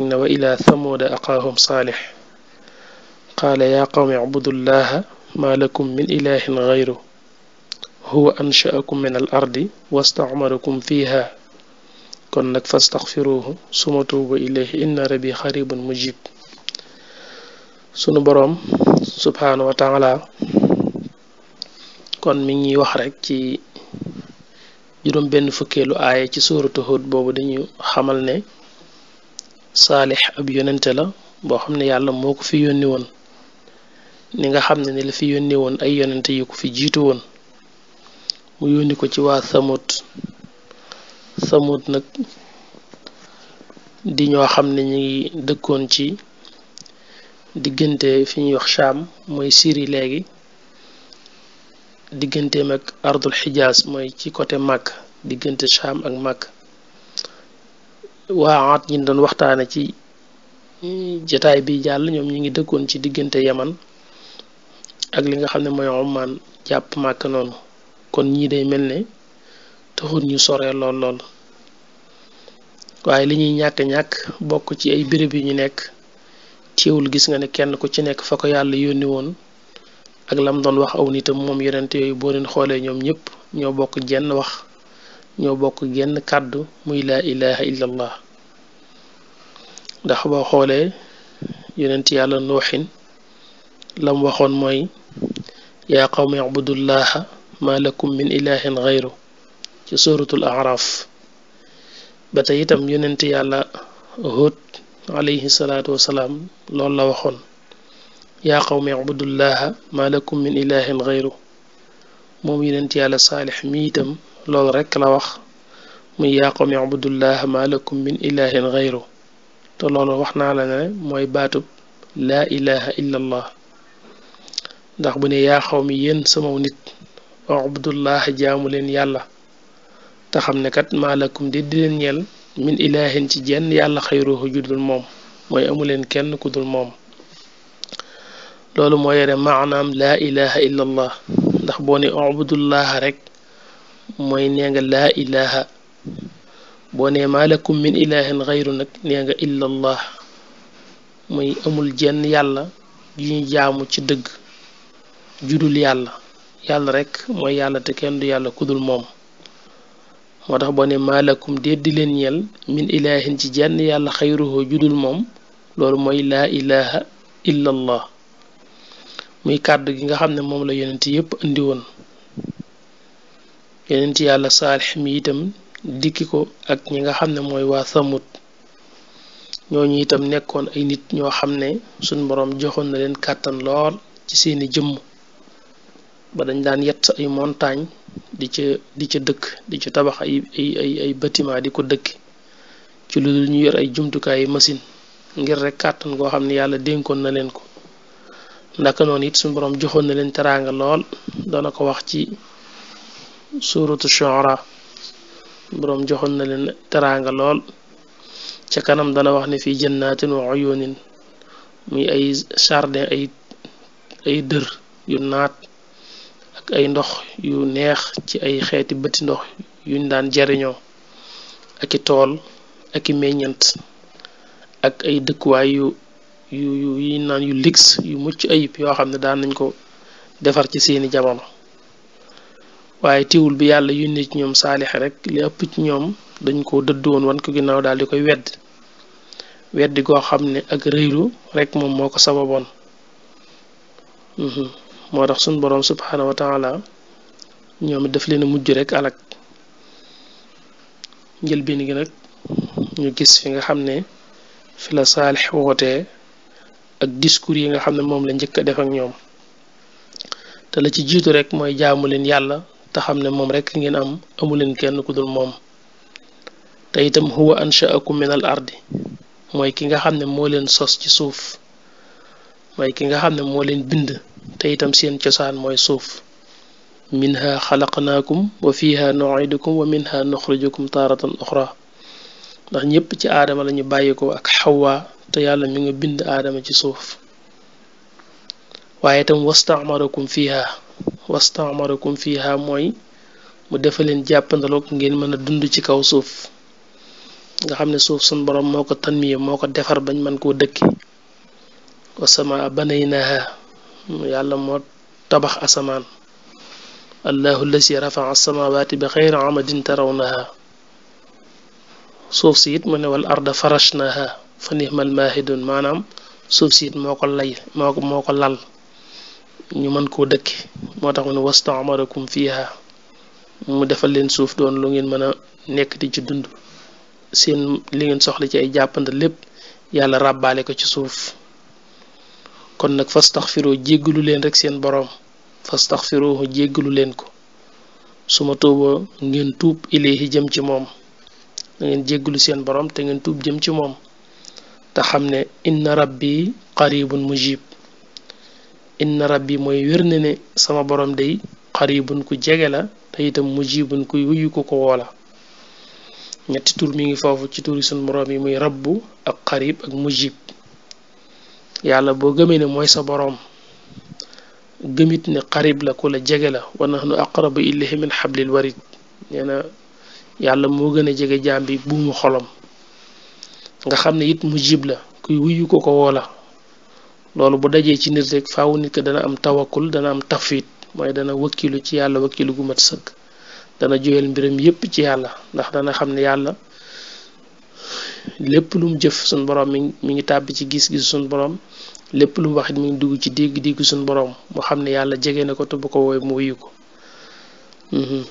إن وإلى ثمود أقاهم صالح قال يا قوم اعبدوا الله ما لكم من إله غيره هو أنشأكم من الأرض واستعمركم فيها كنك فاستغفروه ثم وإليه إن ربي خريب مجيب سنو سبحانه وتعالى كن من يوحرك رك سي جيروم فكيلو آية سورة هود بوبو دي ني saalix ab yonente la boo xam ne yàlla moo ko fi yónni woon ni nga xam ne ni la fi yónni woon ay yonente yu ko fi jiitu woon mu yónni ko ci waa samut samut nag di ñoo xam ne ñu ngi dëkkoon ci diggante fi ñuy wax Shaam mooy siri léegi digganteem ak ardul xijaas mooy ci côté Màkk diggante Shaam ak Màkk waa at ñin doon waxtaane ci mm, jataay bi jàll ñoom ñi ngi dëkkoon ci diggante yaman ak li nga xam ne mooy Oman jàpp màkk noonu kon ñii day mel ne taxul ñu soree lool lool waaye li ñuy ñàkk-ñàkk bokk ci ay béréb yu ñu nekk teewul gis nga ne kenn ku ci nekk fa ko yàlla yónni woon ak lam doon wax aw nitam moom yonent yooyu boo leen xoolee ñoom ñëpp ñoo bokk jenn wax ñoo bokk genn kàddu muy la ilaha illa allah ndax boo xoolee yonent yàlla nuuxin lam waxoon mooy yaa qawmi ibudullaha ma lakum min ilahin gayru ci suratul araf ba tey itam yonent yàlla hud alayhi salaatu wasalaam loolu la waxoon yaa qawmi ibudullaha ma lakum min ilahin gayru moom yonent yàlla saalix mi itam لول رك لا وخ مي ياقوم يعبد الله ما لكم من اله غيره تو لول وخنا لا موي باتو لا اله الا الله داخ بني يا خوم يين سمو نيت عبد الله جامولين يالا تا خامني كات ما لكم دي دين نيل من اله تي جن يالا خيره جودل موم موي امولين كين كودل موم لولو موي ري معنام لا اله الا الله داخ بوني عبد الله رك mooy nee nga laa ilaha boo nee min ilahin xayru nag nee nga illallah mooy amul jenn yàlla ju ñu jaamu ci dëgg judul yàlla yàlla rek mooy yàlla te kenn du yàlla kudul moom moo tax boo ne maa di leen ñeel min ilahin ci jenn yàlla xayruhoo judul moom loolu mooy laa ilaha illallah muy kàddu gi nga xam ne moom la yonent yépp indi woon yeneen ci yàlla saalix mi itam dikki ko ak ñi nga xam ne mooy waa samut ñooñu itam nekkoon ay nit ñoo xam ne suñ boroom joxoon na leen kàttan lool ci seeni jëmm ba dañ daan yett ay montagne di ca di ca dëkk di ca tabax ay ay ay di ko dëkk ci lu ñu yor ay jumtukaayu machine ngir rek kàttan goo xam ne yàlla dénkoon na leen ko teraanga lool doona ko wax ci suuratu shuara boroom joxoon na leen teraanga lool ca kanam dana wax ne fii jannaatin wa uyunin muy ay sarde ay ay dër yu naat ak ay ndox yu neex ci ay xeeti bëti ndox yuñ daan jariñoo aki tool aki i meññant ak ay dëkkuwaay yu yu yu yi naan yu ligs yu mucc ayib yoo xam ne daan nañ ko defar ci seeni jamono waaye tiwul bi yàlla yónnee ci ñoom saalix rek li ëpp ci ñoom dañ ko dëdd woon wan ko ginnaaw daal di koy wedd wedd goo xam ne ak rëylu rek moom moo ko sababoon mhm. moo tax suñ boroom subhaanahu wa taala ñoom it daf leen a mujj rek alak njëlbeen gi nag ñu gis fi nga xam ne fi la saalix wootee ak discours yi nga xam ne moom la njëkk a def ak ñoom te la ci jiitu rek mooy jaamu leen yàlla تخمن موم رك نين ام امولن كين كودول موم تايتام هو انشاكم من الارض موي كيغا خامن مولين سوس سي سوف موي كيغا خامن مولين بند تايتام سين تيسان موي سوف منها خلقناكم وفيها نعيدكم ومنها نخرجكم تارة أخرى ndax ñepp ci aadama lañu bàyyiko ak xawwa te yàlla mi nga bind aadama ci suuf waaye tam wastaamarakum fiha واستعمركم فيها موي مو defa leen نين مانا دوندو سي كاو سوف nga xamne suuf sun borom moko tanmiye moko ko defar bañ ko dekk wa sama banaynaha yàlla mo tabax asaman allahu allazi rafaa as-samawati bi xeyri amadin tarawnaha suuf si it mu ne wal arda farashnaha fa nihmal mahidun manam suuf si it moo lay moko ko lal ñu man ko dekk moo tax mu ne wastaamarakum fiha mu defal leen suuf doon lu ngeen mën a nekk di ci dund seen li ngeen soxla ci ay jàppanda lépp yàlla ràbbaale ko ci suuf kon nag fastaxfiroo jéggalu leen rek seen boroom fas fastaxfiroo jéggalu leen ko su ma tuuboo ngeen tuub ilayhi jëm ci moom da ngeen jéggalu seen boroom te ngeen tuub jëm ci moom te xam ne inna rabbi qaribun mujib inna rabbi mooy wér ne sama borom day xaribun ku jege la te itam mujibun kuy wuyu ko ko woola ñetti tur mi ngi foofu ci turi sun borom yi muy rabbu ak xarib ak mujib yàlla boo gëmee ne mooy sa borom gëmit ne xarib la ku la jege la wa nahnu aqrabu ilayhi min xablil warid nee yàlla moo gën jege jaam bi buumu xolom nga xam it mujib la kuy wuyu ko ko woola loolu bu dajee ci nit rek faaw nit ko dana am tawakul dana am tafwid mooy dana wakkilu ci yàlla wakkilu gu mat sëkk dana joyal mbiram yépp ci yàlla ndax dana xam ne yàlla lépp lu jëf suñ borom mi mi ngi tàbbi ci gis-gis suñ borom lépp lu mu wax it ngi dugg ci dégg-dégg suñ boroom mu xam ne yàlla jege na ko te bu ko woy mu wuyu ko mhm.